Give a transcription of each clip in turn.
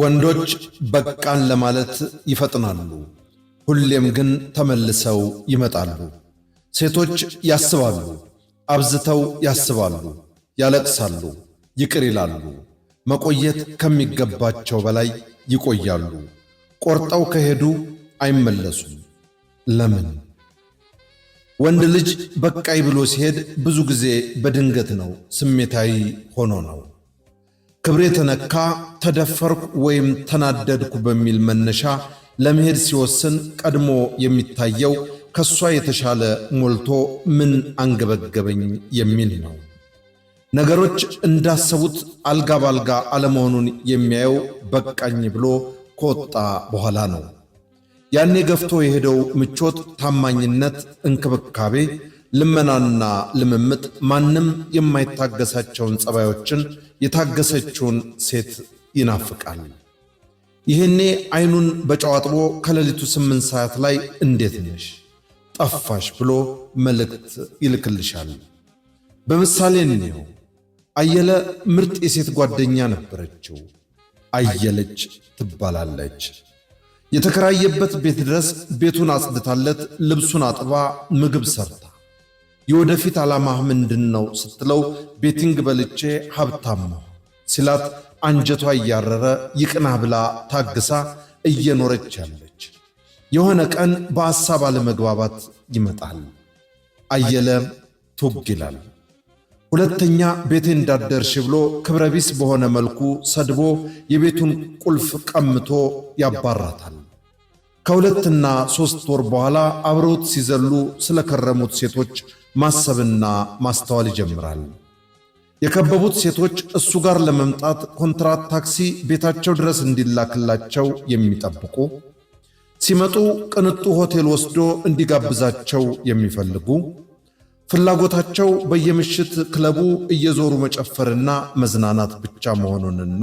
ወንዶች በቃን ለማለት ይፈጥናሉ፣ ሁሌም ግን ተመልሰው ይመጣሉ። ሴቶች ያስባሉ፣ አብዝተው ያስባሉ፣ ያለቅሳሉ፣ ይቅር ይላሉ፣ መቆየት ከሚገባቸው በላይ ይቆያሉ። ቆርጠው ከሄዱ አይመለሱም። ለምን? ወንድ ልጅ በቃይ ብሎ ሲሄድ ብዙ ጊዜ በድንገት ነው፣ ስሜታዊ ሆኖ ነው። ክብሬ ተነካ፣ ተደፈርኩ ወይም ተናደድኩ በሚል መነሻ ለመሄድ ሲወስን ቀድሞ የሚታየው ከእሷ የተሻለ ሞልቶ ምን አንገበገበኝ የሚል ነው። ነገሮች እንዳሰቡት አልጋ ባልጋ አለመሆኑን የሚያየው በቃኝ ብሎ ከወጣ በኋላ ነው። ያኔ ገፍቶ የሄደው ምቾት፣ ታማኝነት፣ እንክብካቤ ልመናና ልምምጥ ማንም የማይታገሳቸውን ጸባዮችን የታገሰችውን ሴት ይናፍቃል። ይህኔ አይኑን በጨዋጥቦ ከሌሊቱ ስምንት ሰዓት ላይ እንዴት ነሽ ጠፋሽ ብሎ መልእክት ይልክልሻል። በምሳሌ እንየው። አየለ ምርጥ የሴት ጓደኛ ነበረችው። አየለች ትባላለች። የተከራየበት ቤት ድረስ ቤቱን አጽድታለት ልብሱን አጥባ ምግብ ሰርታ የወደፊት ዓላማ ምንድን ነው ስትለው ቤቲንግ በልቼ ሀብታም ነው ሲላት አንጀቷ እያረረ ይቅና ብላ ታግሳ እየኖረች ያለች። የሆነ ቀን በሐሳብ አለመግባባት ይመጣል። አየለ ቱግ ይላል። ሁለተኛ ቤቴ እንዳደርሽ ብሎ ክብረ ቢስ በሆነ መልኩ ሰድቦ የቤቱን ቁልፍ ቀምቶ ያባራታል። ከሁለትና ሦስት ወር በኋላ አብረውት ሲዘሉ ስለከረሙት ሴቶች ማሰብና ማስተዋል ይጀምራል። የከበቡት ሴቶች እሱ ጋር ለመምጣት ኮንትራት ታክሲ ቤታቸው ድረስ እንዲላክላቸው የሚጠብቁ ሲመጡ ቅንጡ ሆቴል ወስዶ እንዲጋብዛቸው የሚፈልጉ ፍላጎታቸው በየምሽት ክለቡ እየዞሩ መጨፈርና መዝናናት ብቻ መሆኑንና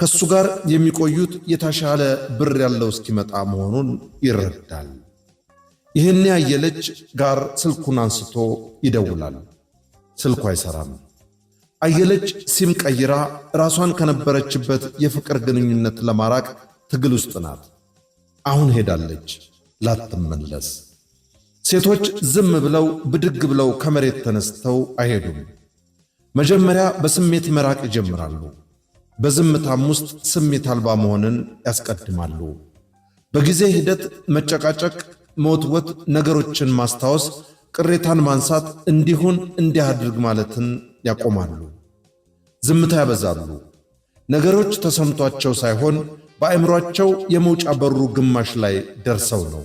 ከእሱ ጋር የሚቆዩት የተሻለ ብር ያለው እስኪመጣ መሆኑን ይረዳል። ይህን ያየ ልጅ ጋር ስልኩን አንስቶ ይደውላል። ስልኩ አይሰራም። አየለች ሲም ቀይራ ራሷን ከነበረችበት የፍቅር ግንኙነት ለማራቅ ትግል ውስጥ ናት። አሁን ሄዳለች ላትመለስ። ሴቶች ዝም ብለው ብድግ ብለው ከመሬት ተነስተው አይሄዱም። መጀመሪያ በስሜት መራቅ ይጀምራሉ። በዝምታም ውስጥ ስሜት አልባ መሆንን ያስቀድማሉ። በጊዜ ሂደት መጨቃጨቅ መወትወት፣ ነገሮችን ማስታወስ፣ ቅሬታን ማንሳት እንዲሁን እንዲያድርግ ማለትን ያቆማሉ። ዝምታ ያበዛሉ። ነገሮች ተሰምቷቸው ሳይሆን በአእምሯቸው የመውጫ በሩ ግማሽ ላይ ደርሰው ነው።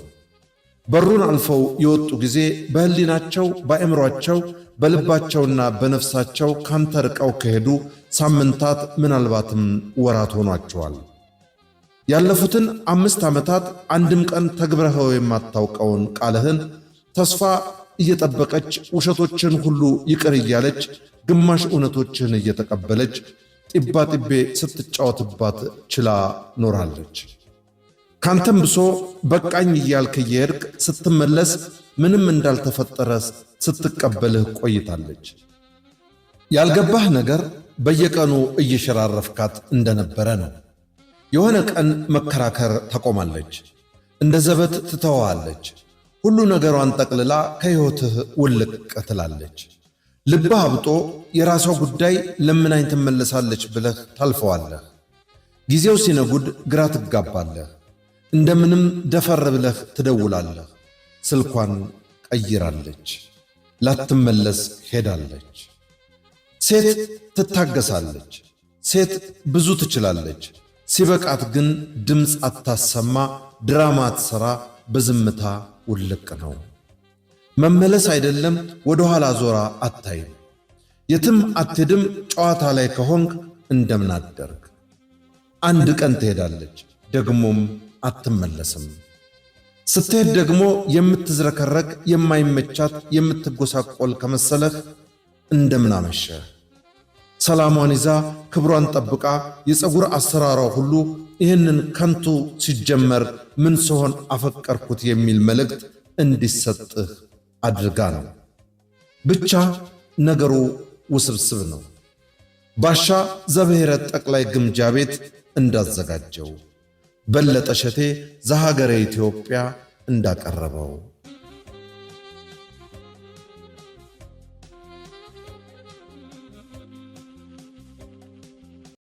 በሩን አልፈው የወጡ ጊዜ በህሊናቸው በአእምሯቸው በልባቸውና በነፍሳቸው ካንተ ርቀው ከሄዱ ሳምንታት ምናልባትም ወራት ሆኗቸዋል። ያለፉትን አምስት ዓመታት አንድም ቀን ተግብረኸው የማታውቀውን ቃልህን ተስፋ እየጠበቀች ውሸቶችን ሁሉ ይቅር እያለች ግማሽ እውነቶችን እየተቀበለች ጢባ ጢቤ ስትጫወትባት ችላ ኖራለች። ካንተም ብሶ በቃኝ እያልክ እየሄድክ ስትመለስ ምንም እንዳልተፈጠረ ስትቀበልህ ቆይታለች። ያልገባህ ነገር በየቀኑ እየሸራረፍካት እንደነበረ ነው። የሆነ ቀን መከራከር ታቆማለች፣ እንደ ዘበት ትተዋዋለች። ሁሉ ነገሯን ጠቅልላ ከሕይወትህ ውልቅ ትላለች። ልብህ አብጦ የራሷ ጉዳይ ለምናኝ ትመለሳለች ብለህ ታልፈዋለህ። ጊዜው ሲነጉድ ግራ ትጋባለህ። እንደምንም ደፈር ብለህ ትደውላለህ። ስልኳን ቀይራለች፣ ላትመለስ ሄዳለች። ሴት ትታገሳለች። ሴት ብዙ ትችላለች። ሲበቃት ግን ድምፅ አታሰማ፣ ድራማ አትሰራ፣ በዝምታ ውልቅ ነው። መመለስ አይደለም ወደ ኋላ ዞራ አታይም። የትም አትድም። ጨዋታ ላይ ከሆንክ እንደምናደርግ አንድ ቀን ትሄዳለች፣ ደግሞም አትመለስም። ስትሄድ ደግሞ የምትዝረከረቅ የማይመቻት የምትጎሳቆል ከመሰለህ እንደምናመሸህ ሰላሟን ይዛ ክብሯን ጠብቃ የፀጉር አሰራሯ ሁሉ ይህንን ከንቱ ሲጀመር ምን ስሆን አፈቀርኩት የሚል መልእክት እንዲሰጥህ አድርጋ ነው። ብቻ ነገሩ ውስብስብ ነው። ባሻ ዘብሔረ ጠቅላይ ግምጃ ቤት እንዳዘጋጀው፣ በለጠ ሸቴ ዘሀገረ ኢትዮጵያ እንዳቀረበው